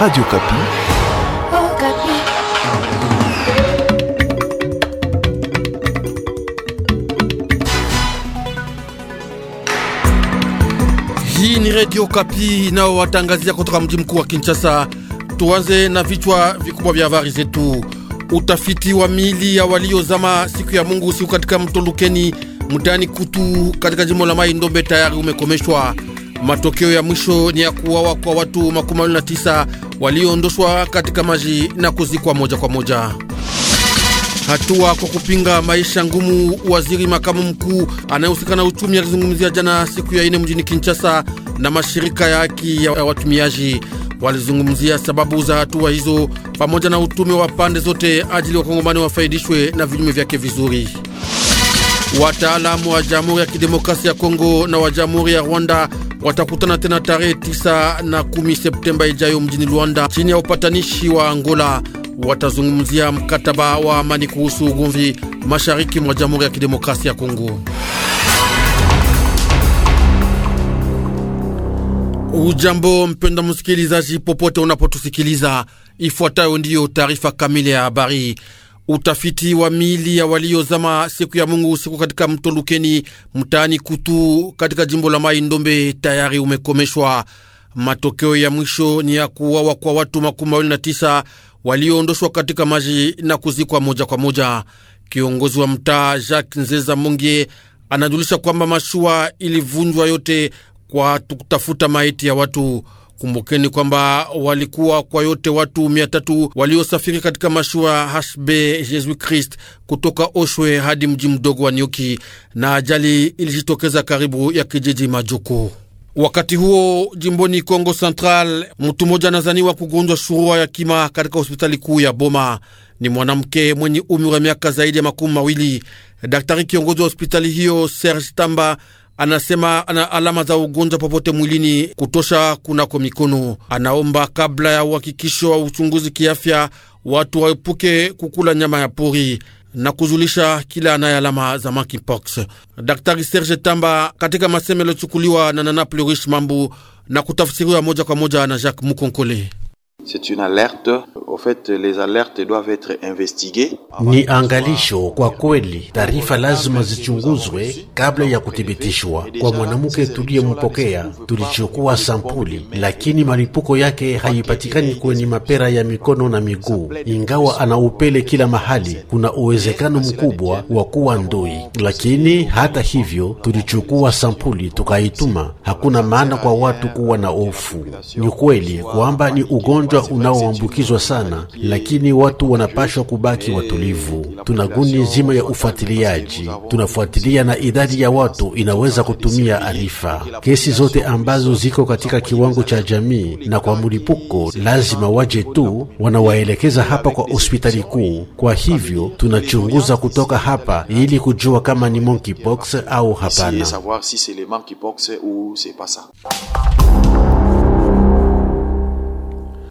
Radio Kapi. Oh, Kapi. Hii ni Radio Kapi watangazia kutoka mji mkuu wa Kinshasa. Tuanze na vichwa vikubwa vya habari zetu. Utafiti wa miili ya waliozama siku ya Mungu usiku katika mto Lukeni mtaani Kutu katika jimbo la Mai Ndombe tayari umekomeshwa. Matokeo ya mwisho ni ya kuuawa kwa watu makumi mawili na tisa walioondoshwa katika maji na kuzikwa moja kwa moja. Hatua kwa kupinga maisha ngumu, waziri makamu mkuu anayehusika na uchumi alizungumzia jana siku ya ine mjini Kinshasa na mashirika ya haki ya watumiaji. Walizungumzia sababu za hatua hizo pamoja na utume wa pande zote ajili wakongomani wafaidishwe na vinyume vyake vizuri. Wataalamu wa Jamhuri ya Kidemokrasia ya Kongo na wa Jamhuri ya Rwanda watakutana tena tarehe 9 na 10 Septemba ijayo mjini Luanda chini ya upatanishi wa Angola. Watazungumzia mkataba wa amani kuhusu ugomvi mashariki mwa Jamhuri ya Kidemokrasia ya Kongo. Ujambo mpenda msikilizaji, popote unapotusikiliza, ifuatayo ndiyo taarifa kamili ya habari. Utafiti wa mili ya waliozama siku ya Mungu usiku katika mto Lukeni mtaani Kutu katika jimbo la Mai Ndombe tayari umekomeshwa. Matokeo ya mwisho ni ya kuuawa kwa watu makumi mawili na tisa walioondoshwa katika maji na kuzikwa moja kwa moja. Kiongozi wa mtaa Jacques Nzeza Mongie anajulisha kwamba mashua ilivunjwa yote kwa kutafuta maiti ya watu. Kumbukeni kwamba walikuwa kwa yote watu mia tatu waliosafiri katika mashua HB Jesu Christ kutoka Oshwe hadi mji mdogo wa Nioki, na ajali ilijitokeza karibu ya kijiji Majoko. Wakati huo jimboni congo Central, mtu mmoja anazaniwa kugonjwa shurua ya kima katika hospitali kuu ya Boma. Ni mwanamke mwenye umri wa miaka zaidi ya makumi mawili. Daktari kiongozi wa hospitali hiyo Serge Tamba anasema ana alama za ugonjwa popote mwilini kutosha kunako mikono. Anaomba kabla ya uhakikisho wa uchunguzi kiafya watu waepuke kukula nyama ya pori na kuzulisha kila anaye alama za monkeypox. Daktari Serge Tamba katika masemelo chukuliwa na Nana Pleurish Mambu na kutafsiriwa moja kwa moja na Jacques Mukonkole. C'est une alerte. Au fait, les alertes doivent être investiguées. Ni angalisho kwa kweli, taarifa lazima zichunguzwe kabla ya kuthibitishwa. Kwa mwanamke tuliyempokea, tulichukua sampuli, lakini malipuko yake haipatikani kwenye mapera ya mikono na miguu. Ingawa ana upele kila mahali, kuna uwezekano mkubwa wa kuwa ndui. Lakini hata hivyo, tulichukua sampuli tukaituma. Hakuna maana kwa watu kuwa na hofu. Ni kweli kwamba ni ugonjwa ugonjwa unaoambukizwa sana, lakini watu wanapashwa kubaki watulivu. Tuna kundi nzima ya ufuatiliaji, tunafuatilia na idadi ya watu inaweza kutumia arifa. Kesi zote ambazo ziko katika kiwango cha jamii na kwa mlipuko, lazima waje tu, wanawaelekeza hapa kwa hospitali kuu. Kwa hivyo tunachunguza kutoka hapa ili kujua kama ni monkeypox au hapana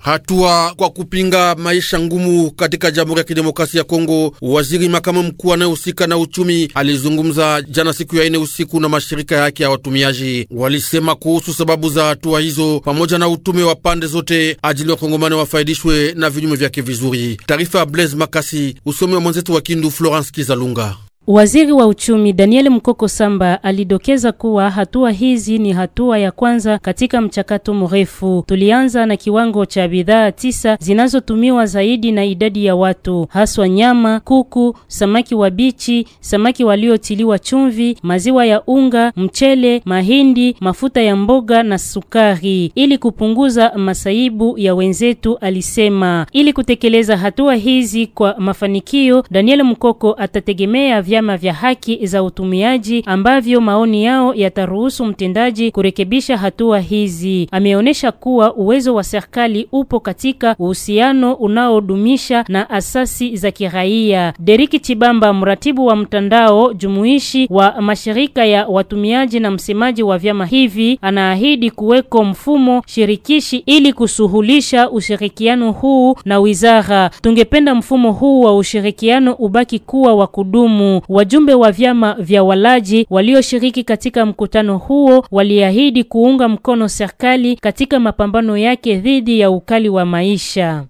hatua kwa kupinga maisha ngumu katika Jamhuri ya Kidemokrasia ya Kongo. Waziri makamu mkuu anayehusika na uchumi alizungumza jana siku ya ine usiku na mashirika yake ya watumiaji. Walisema kuhusu sababu za hatua hizo pamoja na utume wa pande zote ajili wakongomani wafaidishwe na vinyume vyake vizuri. Taarifa ya Blaise Makasi, usomi wa mwenzetu wa Kindu Florence Kizalunga. Waziri wa uchumi Daniel Mkoko Samba alidokeza kuwa hatua hizi ni hatua ya kwanza katika mchakato mrefu. Tulianza na kiwango cha bidhaa tisa zinazotumiwa zaidi na idadi ya watu, haswa nyama, kuku, samaki wa bichi samaki waliotiliwa chumvi, maziwa ya unga, mchele, mahindi, mafuta ya mboga na sukari, ili kupunguza masaibu ya wenzetu, alisema. Ili kutekeleza hatua hizi kwa mafanikio, Daniel Mkoko atategemea vya vyama vya haki za utumiaji ambavyo maoni yao yataruhusu mtendaji kurekebisha hatua hizi. Ameonyesha kuwa uwezo wa serikali upo katika uhusiano unaodumisha na asasi za kiraia. Deriki Chibamba, mratibu wa mtandao jumuishi wa mashirika ya watumiaji na msemaji wa vyama hivi, anaahidi kuweko mfumo shirikishi ili kusuhulisha ushirikiano huu na wizara. Tungependa mfumo huu wa ushirikiano ubaki kuwa wa kudumu. Wajumbe wa vyama vya walaji walioshiriki katika mkutano huo waliahidi kuunga mkono serikali katika mapambano yake dhidi ya ukali wa maisha.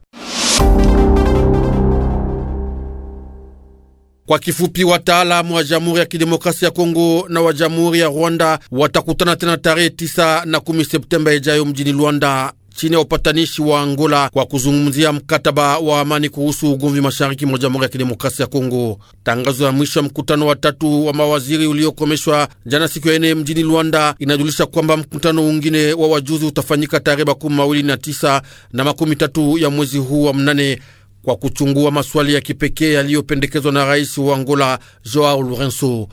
Kwa kifupi, wataalamu wa Jamhuri ya Kidemokrasia ya Kongo na wa Jamhuri ya Rwanda watakutana tena tarehe 9 na 10 Septemba ijayo mjini Luanda chini ya upatanishi wa Angola kwa kuzungumzia mkataba wa amani kuhusu ugomvi mashariki mwa Jamhuri ya Kidemokrasia ya Kongo. Tangazo ya mwisho ya mkutano wa tatu wa mawaziri uliokomeshwa jana siku ya ine mjini Luanda inajulisha kwamba mkutano mwingine wa wajuzi utafanyika tarehe makumi mawili na tisa na makumi tatu ya mwezi huu wa mnane kwa kuchungua maswali ya kipekee yaliyopendekezwa na rais wa Angola Joao Lourenco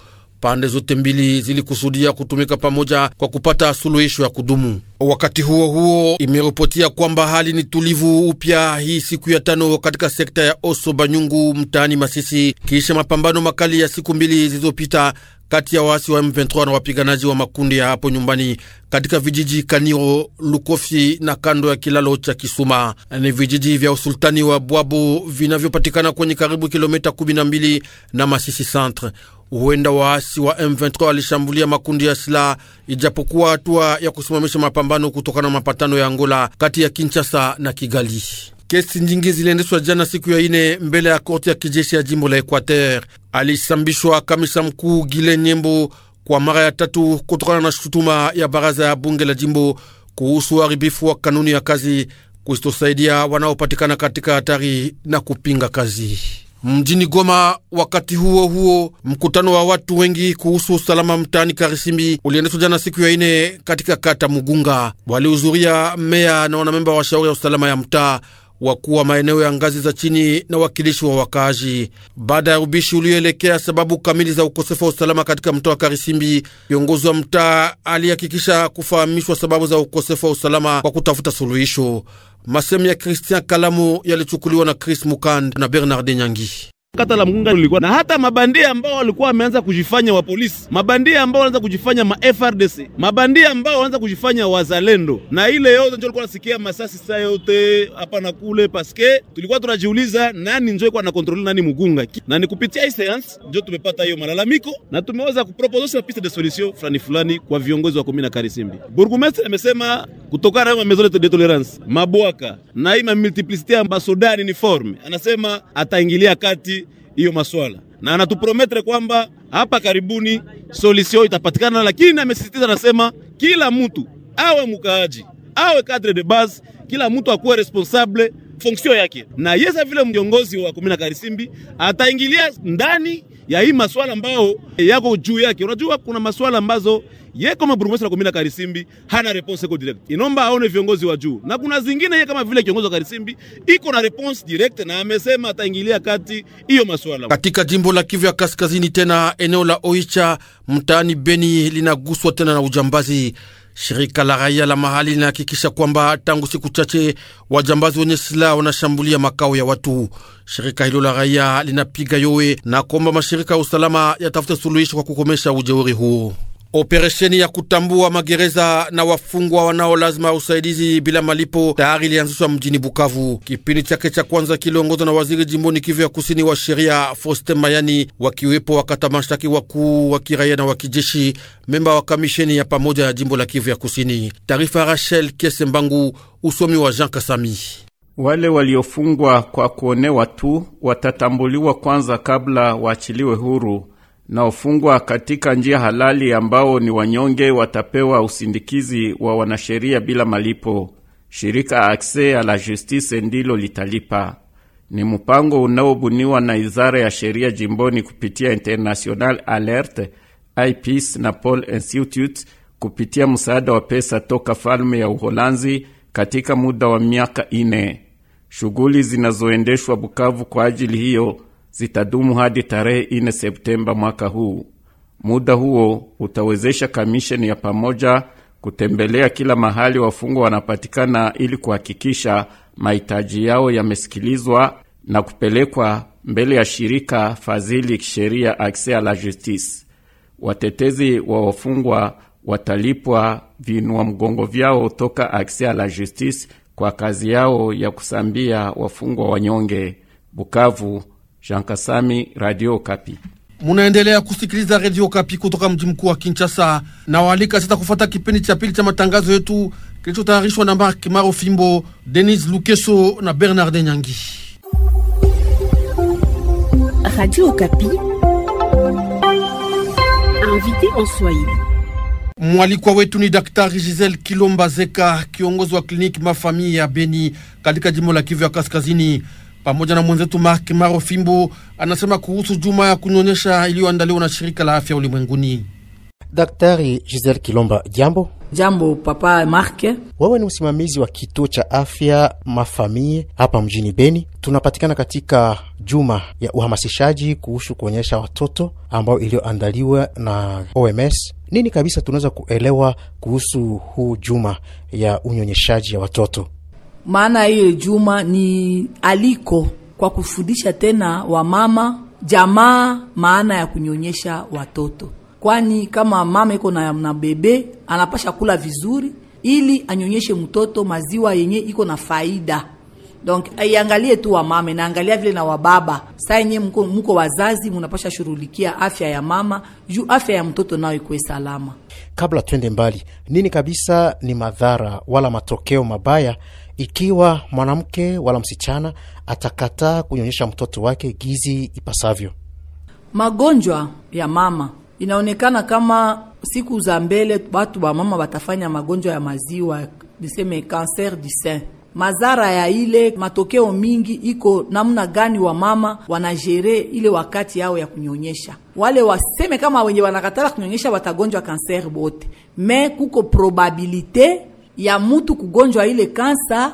pande zote mbili zilikusudia kutumika pamoja kwa kupata suluhisho ya kudumu. Wakati huo huo, imeripotia kwamba hali ni tulivu upya hii siku ya tano katika sekta ya Oso Banyungu mtaani Masisi kisha mapambano makali ya siku mbili zilizopita kati ya waasi wa M23 na wapiganaji wa makundi ya hapo nyumbani katika vijiji Kaniro, Lukofi na kando ya kilalo cha Kisuma. Ni vijiji vya usultani wa bwabu vinavyopatikana kwenye karibu kilomita 12 na Masisi centre huenda waasi wa M23 walishambulia makundi ya silaha, ijapokuwa hatua ya kusimamisha mapambano kutokana na mapatano ya Angola kati ya Kinshasa na Kigali. Kesi nyingi ziliendeshwa jana siku ya ine mbele ya korti ya kijeshi ya jimbo la Equateur. Alisambishwa kamisa mkuu Gile Nyembo kwa mara ya tatu kutokana na shutuma ya baraza ya bunge la jimbo kuhusu uharibifu wa kanuni ya kazi kuzitosaidia wanaopatikana katika hatari na kupinga kazi mjini Goma. Wakati huo huo, mkutano wa watu wengi kuhusu usalama mtaani Karisimbi uliendeshwa jana siku ya ine katika kata Mugunga. Walihudhuria meya na wanamemba wa shauri ya usalama ya mtaa wakuu wa maeneo ya ngazi za chini na wakilishi wa wakaaji. Baada ya ubishi ulioelekea sababu kamili za ukosefu wa usalama katika mtaa wa Karisimbi, kiongozi wa mtaa alihakikisha kufahamishwa sababu za ukosefu wa usalama kwa kutafuta suluhisho. Masemu ya Kristian Kalamu yalichukuliwa na Chris Mukand na Bernard Nyangi kata la Mgunga ulikuwa na hata mabandia ambao walikuwa wameanza kujifanya wa polisi, mabandia ambao wanaanza kujifanya ma FRDC, mabandia ambao wanaanza kujifanya wazalendo, na ile yote ndio tulikuwa nasikia masasi saa yote hapa na kule, paske tulikuwa tunajiuliza nani ndio kwa na control nani Mgunga, na ni kupitia hii seance ndio tumepata hiyo malalamiko na tumeweza kupropose piste de solution fulani fulani kwa viongozi wa kumi na Karisimbi. Burgomestre amesema kutokana na maison de tolerance mabwaka na hii multiplicité ni uniforme, anasema ataingilia kati hiyo maswala, na anatuprometre kwamba hapa karibuni solution itapatikana, lakini amesisitiza anasema, kila mtu awe mkaaji, awe cadre de base, kila mtu akuwe responsable fonction yake, na yesa vile mjongozi wa na Karisimbi ataingilia ndani ya hii maswala ambayo yako juu yake. Unajua kuna maswala ambazo ye kama burumesi la komina Karisimbi hana reponse iko direct, inomba aone viongozi wa juu, na kuna zingine ye kama vile kiongozi wa Karisimbi iko na reponse direct na amesema ataingilia kati hiyo masuala. Katika jimbo la Kivu ya Kaskazini, tena eneo la Oicha mtaani Beni linaguswa tena na ujambazi. Shirika la raia la mahali linahakikisha kwamba tangu siku chache wajambazi wenye silaha wanashambulia makao ya watu. Shirika hilo la raia linapiga yowe na kuomba mashirika ya usalama yatafute suluhisho kwa kukomesha ujeuri huo. Operesheni ya kutambua magereza na wafungwa wanao lazima usaidizi bila malipo tayari ilianzishwa mjini Bukavu. Kipindi chake cha kwanza kiliongozwa na waziri jimboni Kivu ya kusini wa sheria Foste Mayani, wakiwepo wakata mashtaki wakuu wa kiraia na wa kijeshi, memba wa kamisheni ya pamoja ya jimbo la Kivu ya kusini. Taarifa Rachel Kesembangu, usomi wa Jean Kasami. Wale waliofungwa kwa kuonewa tu watatambuliwa kwanza kabla waachiliwe huru na wafungwa katika njia halali ambao ni wanyonge watapewa usindikizi wa wanasheria bila malipo. Shirika Akse ya la Justice ndilo litalipa. Ni mpango unaobuniwa na Idara ya Sheria jimboni kupitia International Alert, IPs na Paul Institute kupitia msaada wa pesa toka falme ya Uholanzi katika muda wa miaka ine. Shughuli zinazoendeshwa Bukavu kwa ajili hiyo zitadumu hadi tarehe 4 Septemba mwaka huu. Muda huo utawezesha kamisheni ya pamoja kutembelea kila mahali wafungwa wanapatikana ili kuhakikisha mahitaji yao yamesikilizwa na kupelekwa mbele ya shirika fadhili kisheria Access a la Justice. Watetezi wa wafungwa watalipwa viinua mgongo vyao toka Access a la Justice kwa kazi yao ya kusambia wafungwa wanyonge. Bukavu, Jean Kasami, Radio Kapi. Munaendelea kusikiliza radio Kapi kutoka mji mkuu wa Kinshasa na waalika sasa kufuata kipindi cha pili cha matangazo yetu kilichotayarishwa na Mark Maro Fimbo, Denis Lukeso na Bernard Nyangi. Radio Kapi invité en Mwalikwa wetu ni Daktari Giselle Kilomba Zeka, kiongozi wa kliniki mafamii ya Beni katika jimbo la Kivu ya Kaskazini pamoja na mwenzetu Mark Maro Fimbo anasema kuhusu juma ya kunyonyesha iliyoandaliwa na shirika la afya ulimwenguni. Daktari Giselle Kilomba, jambo. Jambo papa Mark. wewe ni msimamizi wa kituo cha afya mafamie hapa mjini Beni. Tunapatikana katika juma ya uhamasishaji kuhusu kuonyesha watoto ambayo iliyoandaliwa na OMS. Nini kabisa tunaweza kuelewa kuhusu huu juma ya unyonyeshaji ya watoto? maana hiyo Juma ni aliko kwa kufundisha tena wamama jamaa maana ya kunyonyesha watoto, kwani kama mama iko na, na bebe anapasha kula vizuri ili anyonyeshe mtoto maziwa yenye iko na faida. Donc aiangalie tu wamama, naangalia vile na wababa. Saa yenye mko, mko wazazi munapasha shughulikia afya ya mama juu afya ya mtoto nayo ikuwe salama. Kabla twende mbali, nini kabisa ni madhara wala matokeo mabaya ikiwa mwanamke wala msichana atakataa kunyonyesha mtoto wake gizi ipasavyo. Magonjwa ya mama inaonekana kama siku za mbele, watu wa mama watafanya magonjwa ya maziwa, niseme cancer du sein. Mazara ya ile matokeo mingi iko namna gani? Wa mama wanajere ile wakati yao ya kunyonyesha. Wale waseme kama wenye wanakatala kunyonyesha watagonjwa kanser bote, me kuko probabilite ya mtu kugonjwa ile kansa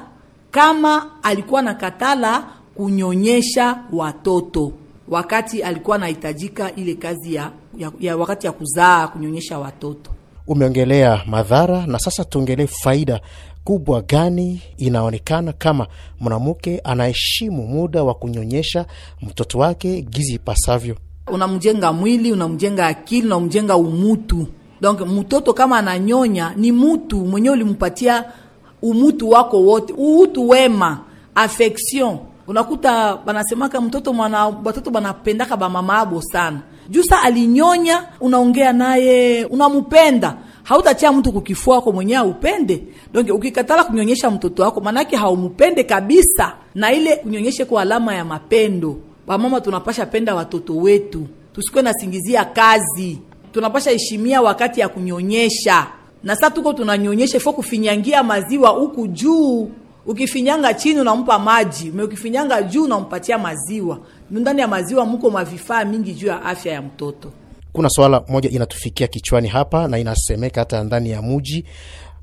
kama alikuwa na katala kunyonyesha watoto wakati alikuwa anahitajika ile kazi ya, ya, ya wakati ya kuzaa kunyonyesha watoto. Umeongelea madhara na sasa tuongelee faida kubwa gani inaonekana kama mwanamke anaheshimu muda wa kunyonyesha mtoto wake gizi ipasavyo. Unamjenga mwili, unamjenga akili, unamjenga umutu Donc mutoto kama ananyonya ni mutu mwenye ulimpatia umutu wako wote, utu wema, affection. Unakuta banasemaka mtoto mwana watoto banapendaka mama abo sana, jusa alinyonya, unaongea naye, unamupenda hautachia mtu kukifua kwa mwenye upende. Donc ukikatala kunyonyesha mtoto wako, maanake haumupende kabisa, na ile kunyonyeshe kwa alama ya mapendo. Ba mama tunapasha penda watoto wetu, Tusikwe na singizia kazi tunapasha heshimia wakati ya kunyonyesha, na sasa tuko tunanyonyesha, ifo kufinyangia maziwa huku juu. Ukifinyanga chini unampa maji, ukifinyanga juu unampatia maziwa. Ndani ya maziwa mko mavifaa mingi juu ya afya ya mtoto. Kuna swala moja inatufikia kichwani hapa na inasemeka hata ndani ya muji,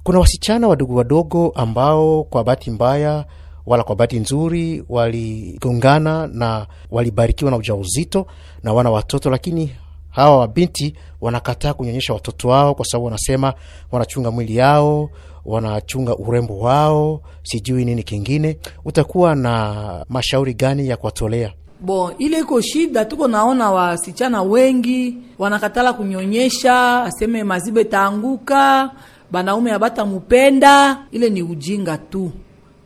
kuna wasichana wadogo wadogo ambao kwa bahati mbaya wala kwa bahati nzuri waligongana na walibarikiwa na ujauzito na wana watoto, lakini hawa wabinti wanakataa kunyonyesha watoto wao, kwa sababu wanasema wanachunga mwili yao, wanachunga urembo wao, sijui nini kingine. Utakuwa na mashauri gani ya kuwatolea? Bo, ile iko shida, tuko naona wasichana wengi wanakatala kunyonyesha, aseme mazibe taanguka, banaume abata mupenda. Ile ni ujinga tu.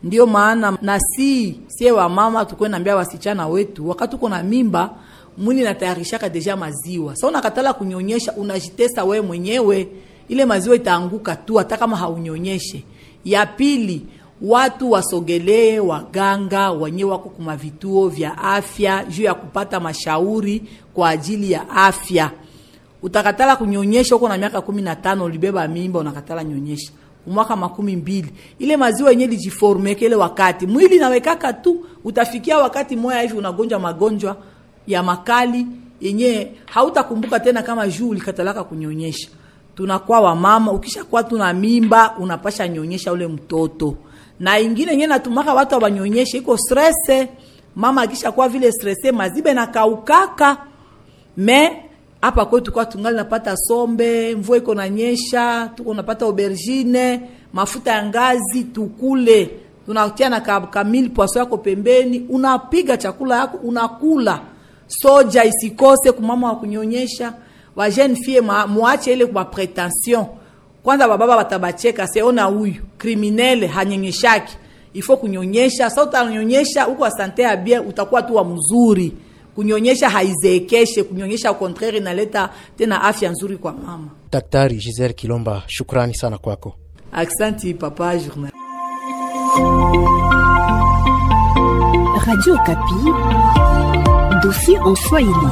ndio maana nasi sie wamama tukwe nambia wasichana wetu wakati tuko na mimba mwili natayarishaka deja maziwa. Sasa unakatala kunyonyesha, unajitesa we mwenyewe, ile maziwa itaanguka tu, hata kama haunyonyeshe. Ya pili, watu wasogelee waganga wenyewe wako kuma vituo vya afya juu ya kupata mashauri kwa ajili ya afya. Utakatala kunyonyesha huko na miaka kumi na tano ulibeba mimba, unakatala nyonyesha mwaka makumi mbili ile maziwa yenyewe lijiformekele wakati mwili nawekaka tu, utafikia wakati moya hivi unagonjwa magonjwa ya makali yenye hautakumbuka tena kama juu ulikatalaka kunyonyesha. Tunakuwa wamama, ukishakuwa tuna mimba unapasha nyonyesha ule mtoto, na ingine yenye natumaka watu wanyonyeshe iko stress. Mama akishakuwa vile stress, mazibe na kaukaka me hapa kwetu kwa tungali napata sombe, mvua iko nanyesha, tuko napata aubergine, mafuta ya ngazi tukule, tunatia na kamili pwaso yako pembeni, unapiga chakula yako unakula soja isikose kumama wa kunyonyesha wa jeune fille mwache ile kwa pretension kwanza bababa batabacheka seona huyu criminel hanyenyeshaki ifo kunyonyesha sa utanyonyesha huko asante ya bien utakuwa tu wa mzuri kunyonyesha haizeekeshe kunyonyesha au contraire inaleta tena afya nzuri kwa mama daktari Giselle Kilomba shukrani sana kwako aksanti papa journal Radio Kapi, dossier en Swahili.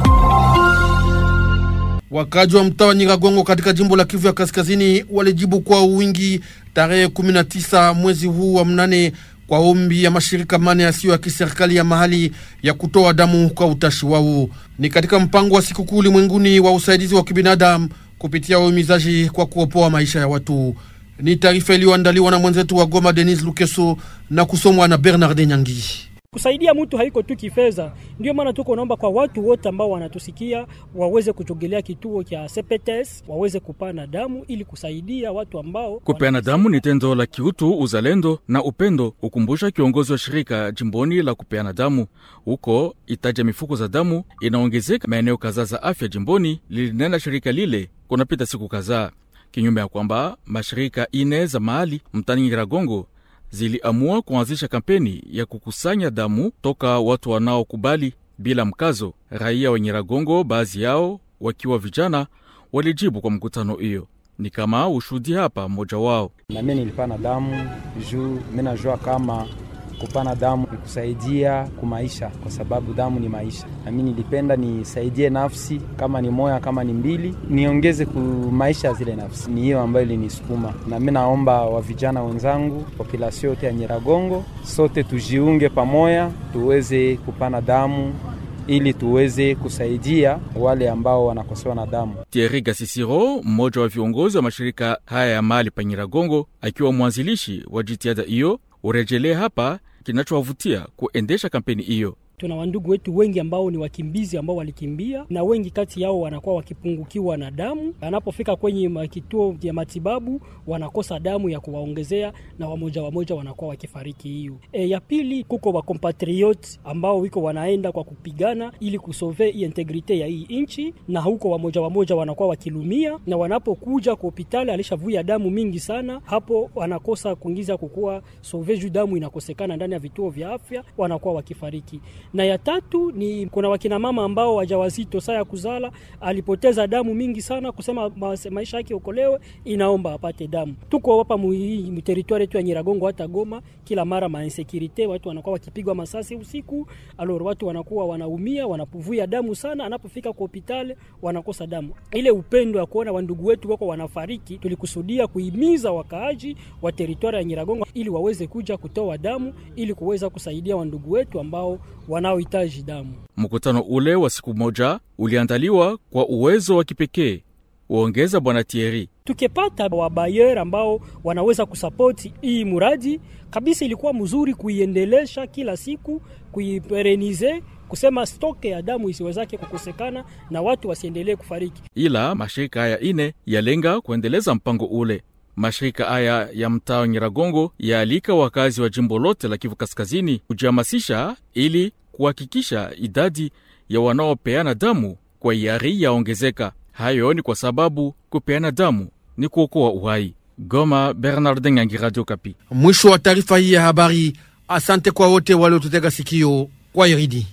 Wakaji wa mtaa wa Nyiragongo katika jimbo la Kivu ya Kaskazini walijibu kwa wingi tarehe 19 mwezi huu wa mnane kwa ombi ya mashirika mane yasiyo ya kiserikali ya mahali ya kutoa damu kwa utashi wao. Ni katika mpango wa sikukuu ulimwenguni wa usaidizi wa kibinadamu kupitia waumizaji kwa kuopoa maisha ya watu. Ni taarifa iliyoandaliwa na mwenzetu wa Goma Denis Lukeso na kusomwa na Bernard Nyangi. Kusaidia mtu haiko tu kifedha, ndio maana tuko naomba kwa watu wote ambao wanatusikia waweze kuchogelea kituo cha CPTS waweze kupana damu ili kusaidia watu ambao. Kupeana damu ni tendo la kiutu, uzalendo na upendo, ukumbusha kiongozi wa shirika jimboni la kupeana damu. Huko itaja mifuko za damu inaongezeka maeneo kadhaa za afya jimboni, lilinena shirika lile kunapita siku kadhaa, kinyume ya kwamba mashirika ine za mahali mtani Nyiragongo ziliamua kuanzisha kampeni ya kukusanya damu toka watu wanaokubali bila mkazo. Raia wa Nyiragongo, baadhi yao wakiwa vijana, walijibu kwa mkutano hiyo ni kama ushuhudi hapa. Mmoja wao, nami nilipana damu juu najua kama kupana damu ni kusaidia kumaisha, kwa sababu damu ni maisha. Nami nilipenda nisaidie nafsi, kama ni moya, kama ni mbili, niongeze kumaisha zile nafsi. Ni hiyo ambayo ilinisukuma, nami naomba wa vijana wenzangu, populasio yote ya Nyiragongo, sote tujiunge pamoya, tuweze kupana damu ili tuweze kusaidia wale ambao wanakosewa na damu. Thierry Gasisiro, mmoja wa viongozi wa mashirika haya ya mali pa Nyiragongo, akiwa mwanzilishi wa jitihada hiyo, urejelee hapa kinachowavutia kuendesha kampeni hiyo tuna wandugu wetu wengi ambao ni wakimbizi ambao walikimbia, na wengi kati yao wanakuwa wakipungukiwa na damu. Anapofika kwenye kituo cha matibabu wanakosa damu ya kuwaongezea, na wamoja wamoja wanakuwa wakifariki. Hiyo e, ya pili kuko wakompatriot ambao wiko wanaenda kwa kupigana ili kusove integrite ya hii nchi, na huko wamoja wamoja wanakuwa wakilumia, na wanapokuja kwa hospitali alishavuia damu mingi sana, hapo wanakosa kuingiza kukua sove juu damu inakosekana ndani ya vituo vya afya, wanakuwa wakifariki na ya tatu ni kuna wakina mama ambao wajawazito saa ya kuzala alipoteza damu mingi sana, kusema maisha yake okolewe, inaomba apate damu. Tuko hapa mteritwari yetu ya Nyiragongo hata Goma, kila mara mainsekurite, watu wanakuwa wakipigwa masasi usiku, alor, watu wanakuwa wanaumia, wanavuja damu sana, anapofika kwa hospitali wanakosa damu. Ile upendo ya kuona wandugu wetu wako wanafariki, tulikusudia kuhimiza wakaaji wa teritwari ya Nyiragongo ili waweze kuja kutoa damu ili kuweza kusaidia wandugu wetu ambao wana wanaohitaji damu. Mkutano ule wa siku moja uliandaliwa kwa uwezo wa kipekee waongeza Bwana Thierry, tukipata wabayer ambao wanaweza kusapoti hii muradi kabisa, ilikuwa mzuri kuiendelesha kila siku, kuiperenize kusema stoke ya damu isiwezake kukosekana na watu wasiendelee kufariki. Ila mashirika haya ine yalenga kuendeleza mpango ule. Mashirika haya ya mtaa Nyiragongo yaalika wakazi wa jimbo lote la Kivu Kaskazini kujihamasisha ili kuhakikisha idadi ya wanaopeana damu kwa hiari yaongezeka. Hayo ni kwa sababu kupeana damu ni kuokoa uhai. Goma, Bernard Nyangi, Radio Kapi. Mwisho wa taarifa hii ya habari. Asante kwa wote waliotutega sikio kwa iridi.